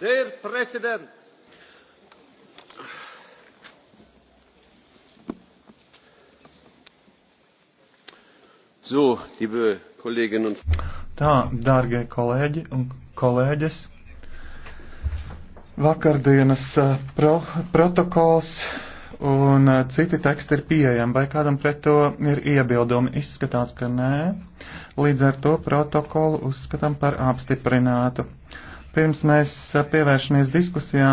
Dear President, So, liebe Kolleginnen und Tā, dārgie kolēģi un kolēģis, vakardienas eh, pro protokols un eh, citi teksti ir pieejami, vai kādam pret to ir iebildumi. Izskatās, ka nē. Līdz ar to protokolu uzskatām par apstiprinātu. Pirms mēs eh, pievēršamies diskusijām.